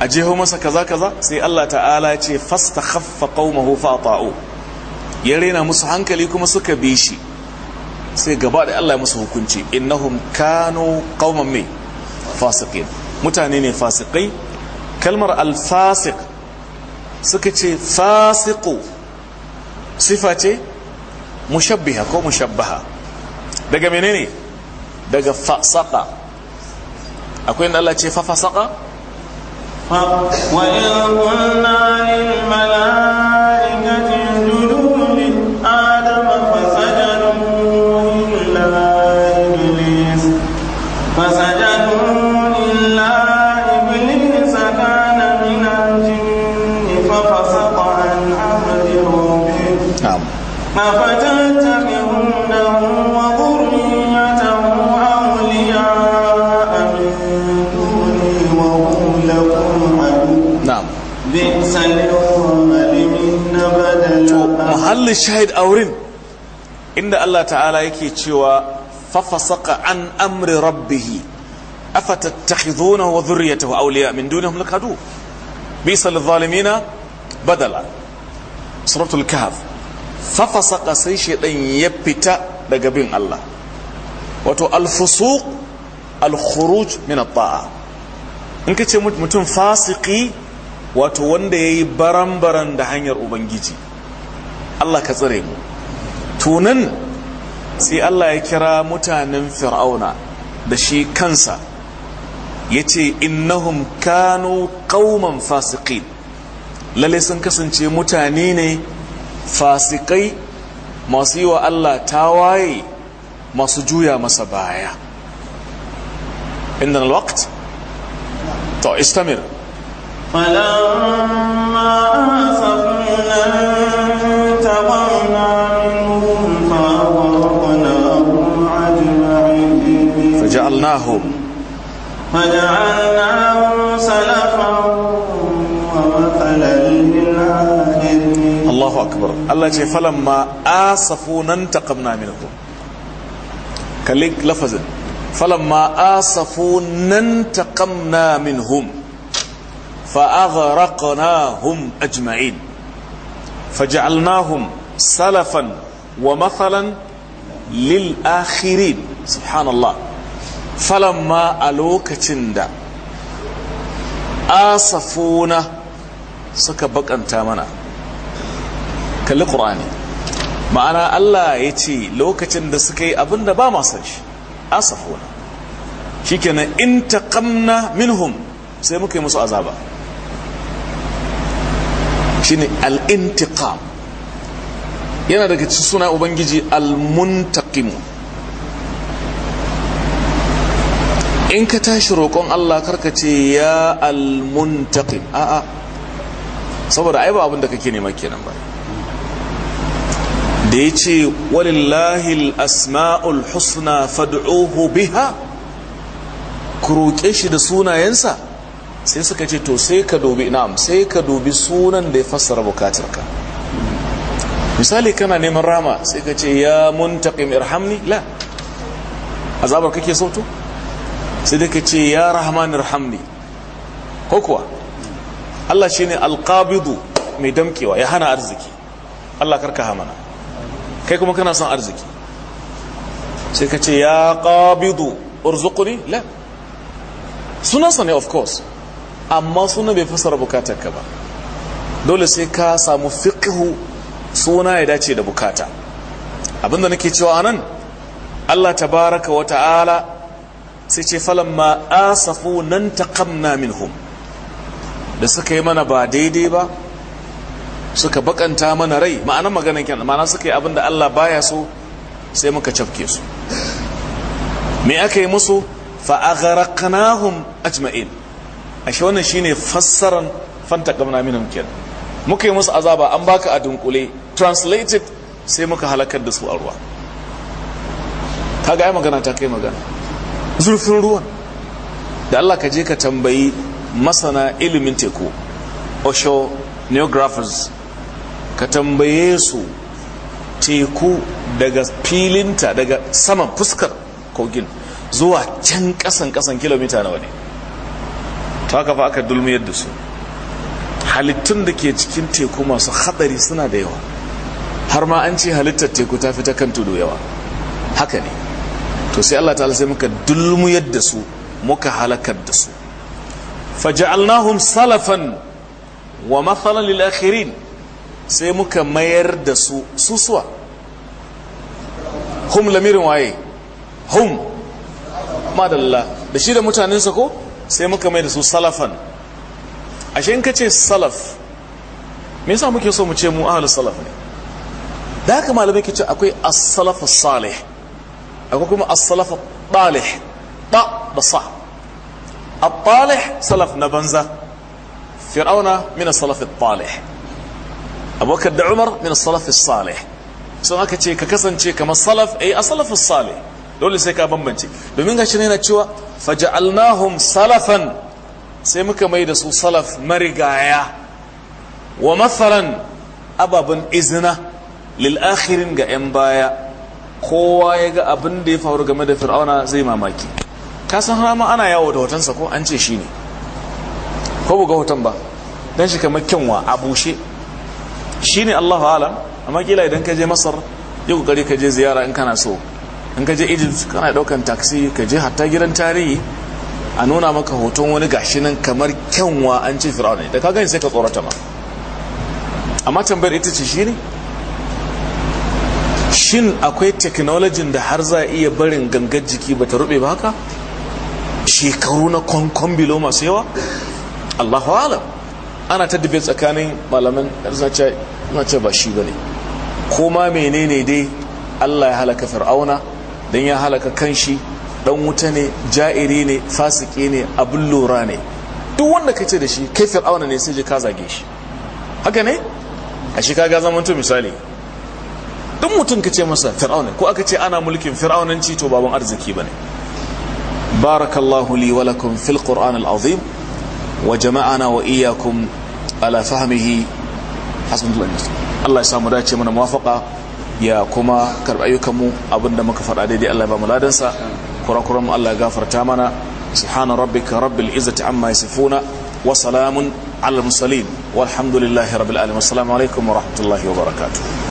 A: a jeho masa kaza kaza sai allah ta'ala ce fasta haffa qaumahu fa ya rena musu hankali kuma suka bi shi sai gaba da allah ya musu hukunci innahum kano qauman mai fasiqin mutane ne fasikai kalmar alfasik suka ce fasiku sifa ce mushabbiha ko mushabbaha daga menene daga fasaka akwai inda Allah ce fa fasaka wa muhalli shahid a wurin inda Allah ta'ala yake cewa fafasaka an amri rabbihi afatattakhiduna wa dhurriyyatahu awliya min dunihim lakadu bisa lidhalimina badala suratul kahf fafasaka sai shedan ya fita daga bin Allah wato al-fusuq al-khuruj min at-ta'a in kace mutum fasiki wato wanda yayi baran da hanyar ubangiji Allah ka tsire mu tunan sai Allah ya kira mutanen fir'auna da shi kansa ya ce innahum kanu qauman fasiqin lalle sun kasance mutane ne fasikai masu yi wa Allah tawaye masu juya masa baya inda alwakt to istamir
B: falamma asafna
A: جعلناه
B: فجعلناهم سلفا ومثلا
A: للعالمين الله أكبر الله يقول فلما آسفونا انتقمنا منكم كليك لفظ فلما آسفونا انتقمنا منهم فأغرقناهم أجمعين فجعلناهم سلفا ومثلا للآخرين سبحان الله Falan ma a lokacin da asafuna suka bakanta mana kalli ƙur'ani ma'ana Allah ya ce lokacin da suka yi abin da ba masan shi asafuna shi kenan in taƙamna minhum sai muka yi musu azaba shi ne al'intiƙam yana daga ci suna ubangiji almuntaƙimu. in ka tashi roƙon Allah karka ce ya almuntaqim a'a saboda ai ba abin da kake nema kenan ba da ya ce walillahi asma'ul husna fad'uhu biha ku shi da sunayensa sai suka ce to sai ka dubi na'am sai ka dubi sunan da ya fassara bukatarka misali kana neman rama sai ka ce ya muntaqim irhamni la azabar kake so to sai da ka ce ya rahman rahamni ko kuwa Allah shine alqabidu mai damkewa ya hana arziki Allah karka hamana kai kuma kana son arziki sai ka ce ya qabidu urzuqni la Sunan sani of course amma suna bai fasara bukatarka ba dole sai ka samu fiqhu suna ya dace da bukata abinda nake cewa anan Allah baraka wa ta'ala sai ce falon a asafu nan min minhum da suka yi mana ba daidai ba suka bakanta mana rai ma'anar maganin kenan ma'ana suka yi abin da Allah baya so sai muka cafke su me aka yi musu fa aghraqnahum ajma'in shi wannan shine fassaran fanta gamna minhum kenan muka yi musu azaba an baka a dunkule translated sai muka halakar da su a ruwa ga ai magana ta kai magana zurfin ruwan da Allah ka je ka tambayi masana ilimin teku oceanographers ka tambaye su teku daga filinta daga saman fuskar kogin zuwa can kasan kasan kilomita na wani ta kafa aka dulmiyar da su halittun da ke cikin teku masu hadari suna da yawa har ma an ce halittar teku ta fi ta kan tudu yawa haka ne to sai Allah ta'ala sai muka dulmuyar da su muka halakar da su faja'alnahum salafan wa mathalan lil akhirin sai muka mayar da su susuwa hum lamirin waye hum madalla da shi da mutanensa ko sai muka mayar da su salafan ashe in kace salaf me yasa muke so mu ce mu ahlus salaf ne da haka malamai kace akwai as-salaf as-salih akwai kuma as-salaf talih ba da sa a talih salaf na banza fir'auna min as-salaf abokan da umar min as-salaf as-salih sun aka ce ka kasance kamar salaf eh as-salaf as-salih dole sai ka bambance domin gashi ne yana cewa faja'alnahum salafan sai muka mai da su salaf marigaya wa mathalan ababan izina lil akhirin ga yan baya kowa ya ga abin da ya faru game da fir'auna zai mamaki ka san hama ana yawo da hotonsa ko an ce shi ne ko buga hoton ba don shi kamar kyanwa a bushe shi ne allahu alam amma kila idan ka je masar yi kokari ka je ziyara in kana so in ka je egypt kana daukan taxi ka je hatta gidan tarihi a nuna maka hoton wani gashi nan kamar kyanwa an ce fir'auna da ka gani sai ka tsorata ma amma tambayar ita ce shi ne shin akwai teknolojin da har za iya barin gangar jiki ba ta rube ba haka shekaru na kwankwan bilo masu yawa allahu alam ana ta dube tsakanin malaman ce ba shi ba ne ko ma menene dai allah ya halaka fir'auna don ya halaka kan shi. dan wuta ne ja'iri ne fasike ne abin lura ne duk wanda ka ce da shi kai fir'auna ne sai ji ka zage shi haka ne a shi ka ga zamanto misali duk mutum kace masa fir'auna ko aka ce ana mulkin fir'aunanci to baban arziki bane barakallahu li wa lakum fil qur'an al azim wa jama'ana wa iyyakum ala fahmihi hasbunallahu Allah ya samu dace mana muwafaqa ya kuma karɓi ayyukan mu abinda muka faɗa daidai Allah ya ba mu ladan sa kurakuran mu Allah ya gafarta mana subhana rabbika rabbil izzati amma yasifuna wa salamun ala mursalin walhamdulillahi rabbil alamin assalamu alaikum wa rahmatullahi wa barakatuh